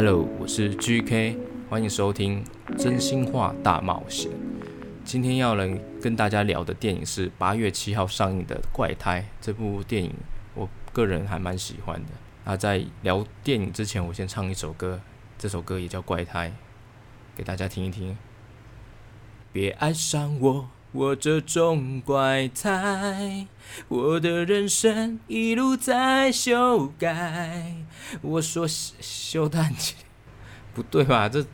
Hello，我是 GK，歡迎收聽《真心話大冒險》。今天要來跟大家聊的電影是八月七號上映的《怪胎》。這部電影我個人還蠻喜歡的。那在聊電影之前，我先唱一首歌，這首歌也叫《怪胎》，給大家聽一聽。別愛上我。我這種怪胎，我的人生一路在修改。我說修蛋雞，不對吧？這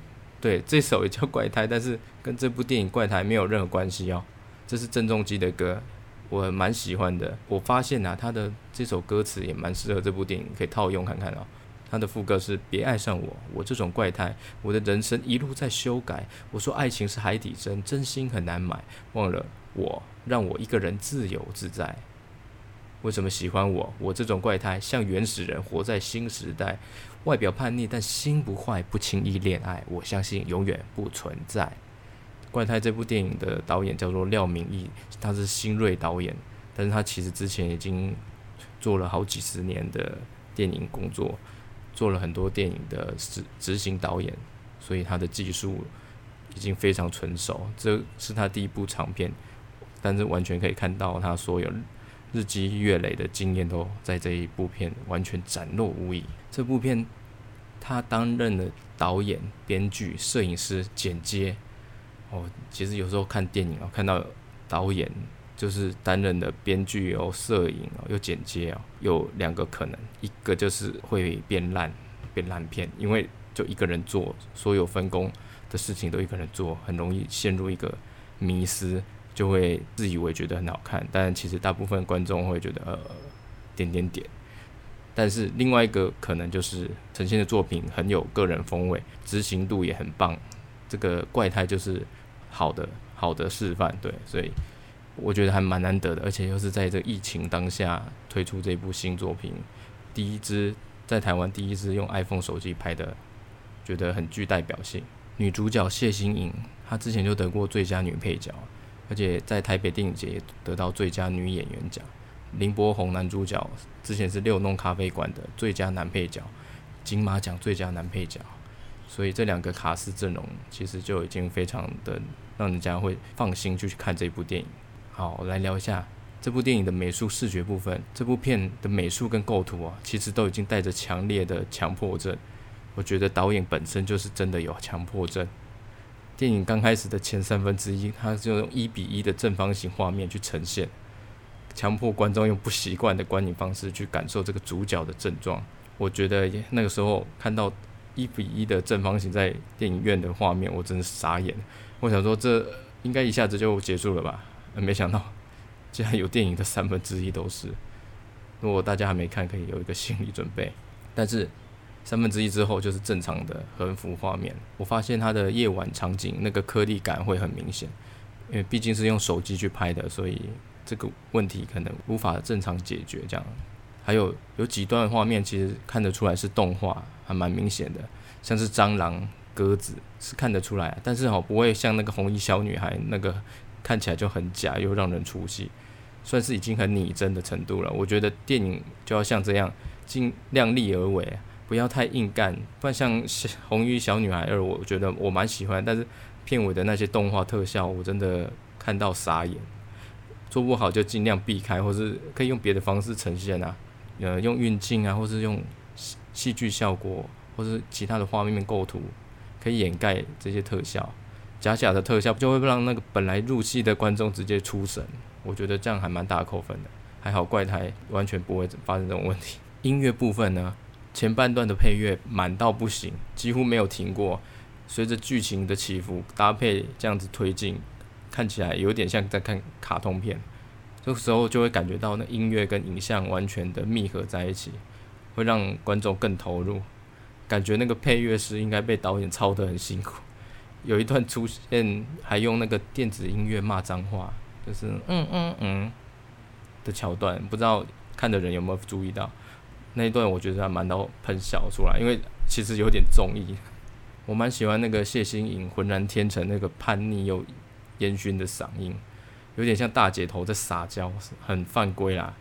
對這首也叫怪胎，但是跟這部電影《怪胎》沒有任何關係哦。這是鄭中基的歌，我很蠻喜歡的。我發現啊，他的這首歌詞也蠻適合這部電影，可以套用看看哦。他的副歌是“別愛上我，我這種怪胎，我的人生一路在修改。”我說：“愛情是海底針，真心很難買。”忘了我，讓我一個人自由自在。為什麼喜歡我？我這種怪胎，像原始人活在新時代，外表叛逆但心不壞，不輕易戀愛。我相信永遠不存在。怪胎這部電影的導演叫做廖明毅，他是新銳導演，但是他其實之前已經做了好幾十年的電影工作。做了很多電影的執執行導演，所以他的技術已經非常成熟。這是他第一部長片，但是完全可以看到他所有日積月累的經驗都在這一部片完全展露無遺。這部片他擔任了導演、編劇、攝影師、剪接。哦，其實有時候看電影啊，看到導演。就是擔任的編劇、哦，攝影、哦，又剪接、哦，有兩個可能，一個就是會變爛，變爛片，因為就一個人做所有分工的事情都一個人做，很容易陷入一個迷思，就會自以為覺得很好看，但其實大部分觀眾會覺得呃點點點。但是另外一個可能就是呈現的作品很有個人風味，執行度也很棒，這個怪胎就是好的好的示範，對，所以。我覺得還蠻難得的，而且又是在這疫情當下推出這部新作品，第一支在台灣第一支用 iPhone 手機拍的，覺得很具代表性。女主角謝欣穎，她之前就得過最佳女配角，而且在台北電影節得到最佳女演員獎。林柏宏男主角之前是六弄咖啡館的最佳男配角，金馬獎最佳男配角，所以這兩個卡司陣容其實就已經非常的讓人家會放心就去看這部電影。好，我來聊一下這部電影的美術視覺部分。這部片的美術跟構圖啊，其實都已經帶着強烈的強迫症。我覺得導演本身就是真的有強迫症。電影剛開始的前三分之一，他是用一比一的正方形畫面去呈現，強迫觀眾用不習慣的觀影方式去感受這個主角的症狀。我覺得那個時候看到一比一的正方形在電影院的畫面，我真的傻眼。我想說，這應該一下子就結束了吧？沒想到，竟然有電影的三分之一都是。如果大家還沒看，可以有一個心理準備。但是三分之一之後就是正常的橫幅畫面。我發現它的夜晚場景那個顆粒感會很明顯，因為畢竟是用手機去拍的，所以這個問題可能無法正常解決。這樣，還有有幾段畫面其實看得出來是動畫，還蠻明顯的，像是蟑螂、鴿子是看得出來，但是好、哦、不會像那個紅衣小女孩那個。看起來就很假，又讓人出戲，算是已經很擬真的程度了。我覺得電影就要像這樣，盡量力而為，不要太硬幹。不然像《紅衣小女孩二》，我覺得我蠻喜歡，但是片尾的那些動畫特效，我真的看到傻眼。做不好就盡量避開，或是可以用別的方式呈現啊，呃，用運鏡啊，或是用戲劇效果，或是其他的畫面構圖，可以掩蓋這些特效。假假的特效就會讓那個本來入戲的觀眾直接出神，我覺得這樣還蠻大扣分的。還好怪胎完全不會發生這種問題。音樂部分呢，前半段的配樂滿到不行，幾乎沒有停過。隨着劇情的起伏，搭配這樣子推進，看起來有點像在看卡通片。這個時候就會感覺到那音樂跟影像完全的密合在一起，會讓觀眾更投入。感覺那個配樂師應該被導演操得很辛苦。有一段出現，還用那個電子音樂罵髒話，就是嗯嗯嗯的橋段，不知道看的人有沒有注意到那一段？我覺得還蠻到噴笑出來，因為其實有點綜藝。我蠻喜歡那個謝欣穎渾然天成那個叛逆又煙熏的嗓音，有點像大姐頭在撒嬌，很犯規啦！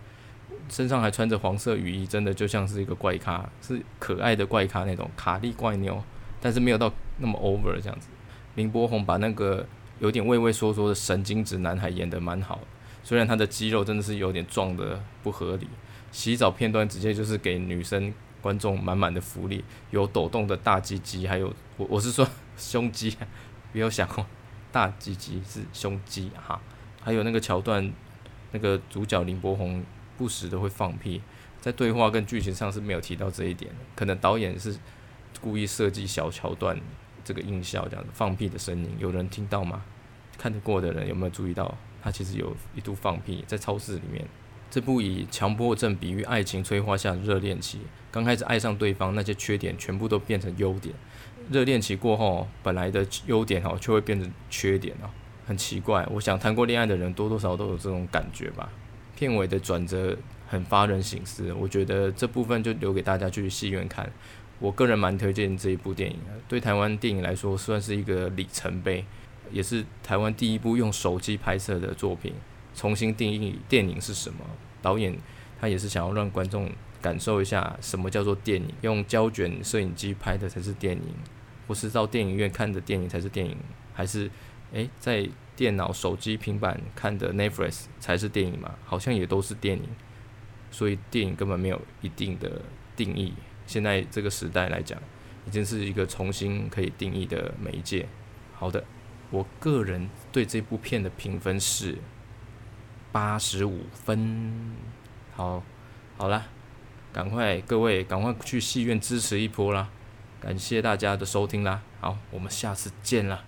身上還穿着黃色雨衣，真的就像是一個怪咖，是可愛的怪咖那種卡莉怪妞，但是沒有到那麼 over 這樣子。林柏宏把那個有點畏畏縮縮的神經質男孩演得蠻好，雖然他的肌肉真的是有點壯得不合理。洗澡片段直接就是給女生觀眾滿滿的福利，有抖動的大雞雞，還有我我是說胸肌，不要想哦，大雞雞是胸肌哈啊。還有那個橋段，那個主角林柏宏不時的會放屁，在對話跟劇情上是沒有提到這一點，可能導演是故意設計小橋段。這個音效，這樣子放屁的聲音，有人聽到嗎？看得過的人有沒有注意到，他其實有一度放屁在超市裡面。這部以強迫症比喻愛情催化下的熱戀期，剛開始愛上對方，那些缺點全部都變成優點。熱戀期過後，本來的優點哦，卻會變成缺點哦，很奇怪。我想談過戀愛的人多多少少都有這種感覺吧。片尾的轉折很發人省思，我覺得這部分就留給大家去戲院看。我個人蠻推薦這一部電影的，對台灣電影來說算是一個里程碑，也是台灣第一部用手機拍攝的作品，重新定義電影是什麼。導演他也是想要讓觀眾感受一下什麼叫做電影，用膠捲攝影機拍的才是電影，或是到電影院看的電影才是電影，還是誒，在電腦、手機、平板看的 Netflix 才是電影嘛？好像也都是電影，所以電影根本沒有一定的定義。現在這個時代來講，已經是一個重新可以定義的媒介。好的，我個人對這部片的評分是八十五分。好，好啦，趕快各位趕快去戲院支持一波啦！感謝大家的收聽啦！好，我們下次見啦！